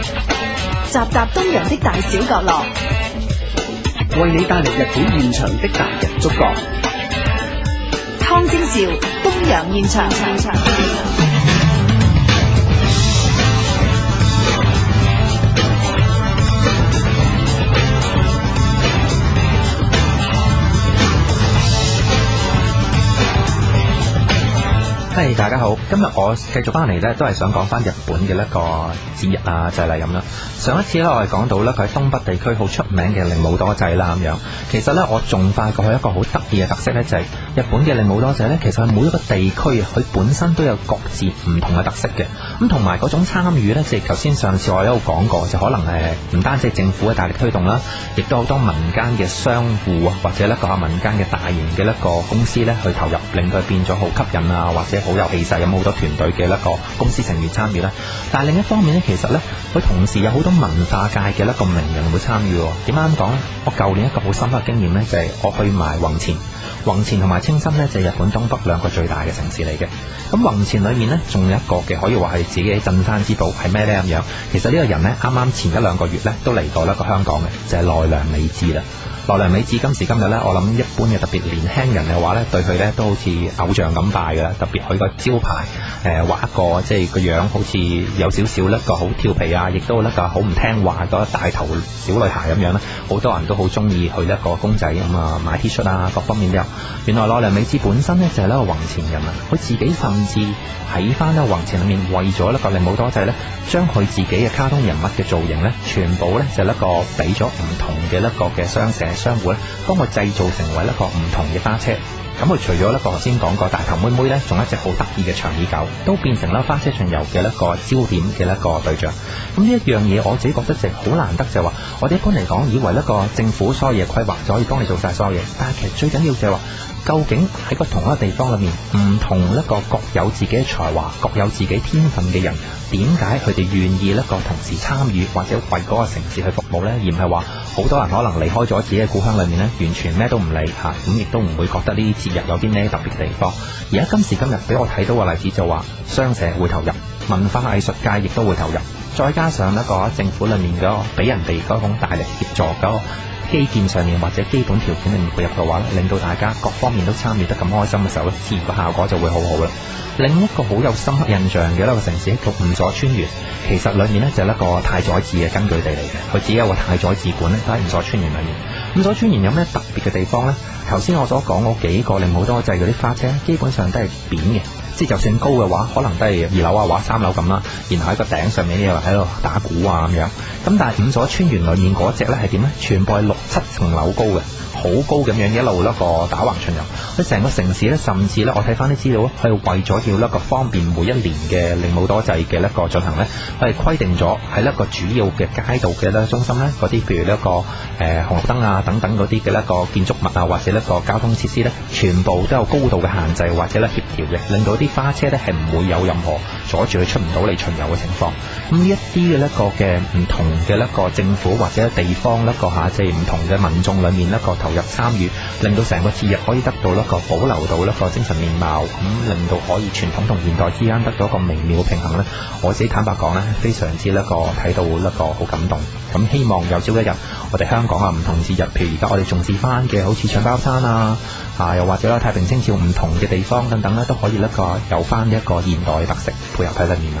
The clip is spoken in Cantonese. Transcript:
集集東洋的大小角落，為你帶嚟日本現場的大人觸角。湯晶兆東洋現場。長長 Hey, 大家好，今日我繼續翻嚟咧，都係想講翻日本嘅一個節日啊，就係咁啦。上一次咧我哋講到咧，佢喺東北地區好出名嘅令武多仔啦，咁樣。其實咧我仲發覺佢一個好得意嘅特色咧，就係日本嘅令武多仔咧，其實每一個地區佢本身都有各自唔同嘅特色嘅。咁同埋嗰種參與咧，即係頭先上次我一路講過，就可能誒唔單止係政府嘅大力推動啦，亦都好多民間嘅商戶啊或者一個民間嘅大型嘅一個公司咧去投入，令佢變咗好吸引啊，或者。好有氣勢，有好多團隊嘅一個公司成員參與咧，但係另一方面咧，其實咧佢同時有好多文化界嘅一個名人會參與。點樣講咧？我舊年一個好深刻的經驗咧，就係、是、我去埋弘前。弘前同埋青森咧，就係日本東北兩個最大嘅城市嚟嘅。咁弘前裡面咧，仲有一個嘅可以話係自己的鎮山之寶係咩咧咁樣？其實呢個人咧，啱啱前一兩個月咧，都嚟過一個香港嘅，就係奈良美智啦。奈良美智今時今日咧，我諗一般嘅特別年輕人嘅話咧，對佢咧都好似偶像咁拜嘅啦。特別佢個招牌誒，畫、呃、一個即係個樣，好似有少少咧個好調皮啊，亦都咧個好唔聽話個大頭小女孩咁樣咧，好多人都好中意佢一個公仔咁啊、嗯，買 T 恤啊，各方面都有。原來奈良美智本身咧就係、是、一個弘前人，佢自己甚至喺翻咧弘前裏面為咗咧個令好多仔咧，將佢自己嘅卡通人物嘅造型咧，全部咧就一、是那個俾咗唔同嘅一個嘅雙寫。商戶咧，幫佢製造成為一個唔同嘅花車。咁佢除咗一個我先講過大頭妹妹咧，仲一隻好得意嘅長耳狗，都變成啦花車巡遊嘅一個焦點嘅一個對象。咁呢一樣嘢，我自己覺得就好難得，就係話，我哋一般嚟講，以為一個政府所有嘢規劃就可以幫你做晒所有嘢。但係其實最緊要就係話，究竟喺個同一個地方裏面，唔同一個各有自己嘅才華、各有自己天分嘅人，點解佢哋願意一個同時參與或者為嗰個城市去服務咧？而唔係話。好多人可能離開咗自己嘅故鄉裏面咧，完全咩都唔理吓，咁亦都唔會覺得呢啲節日有啲咩特別地方。而家今時今日，俾我睇到個例子就話，是，商社會投入，文化藝術界，亦都會投入。再加上一個政府裏面嗰個俾人哋嗰種大力協助嗰個基建上面或者基本條件你唔配合嘅話咧，令到大家各方面都參與得咁開心嘅時候咧，自然個效果就會很好好啦。另一個好有深刻印象嘅一個城市係五所川原，其實裏面咧就係一個太宰治嘅根據地嚟嘅，佢只有個太宰治館咧喺五所川原裏面。五所川原有咩特別嘅地方咧？頭先我所講嗰幾個令好多即嗰啲花車，基本上都係扁嘅，即係就算高嘅話，可能都係二樓啊或三樓咁啦。然後喺個頂上面呢。喺度、哦、打鼓啊咁樣，咁但係五所村園裏面嗰隻咧係點咧？全部係六七層樓高嘅。好高咁樣一路咧個打橫巡遊，喺成個城市咧，甚至咧，我睇翻啲資料，佢為咗要咧個方便每一年嘅令冇多滯嘅咧個進行咧，係規定咗喺一個主要嘅街道嘅咧中心咧，嗰啲譬如一個紅綠燈啊等等嗰啲嘅一個建築物啊或者一個交通設施咧，全部都有高度嘅限制或者咧協調嘅，令到啲花車咧係唔會有任何阻住佢出唔到嚟巡遊嘅情況。咁呢一啲嘅一個嘅唔同嘅一個政府或者地方一個下，即係唔同嘅民眾裏面一個投入參與令到成個節日可以得到一個保留到一個精神面貌，咁令到可以傳統同現代之間得到一個微妙嘅平衡咧。我自己坦白講咧，非常之一個睇到一個好感動。咁希望有朝一日，我哋香港啊，唔同節日，譬如而家我哋重視翻嘅，好似搶包山啊，啊又或者太平清醮唔同嘅地方等等咧，都可以一個有翻一個現代特色配合喺裏面。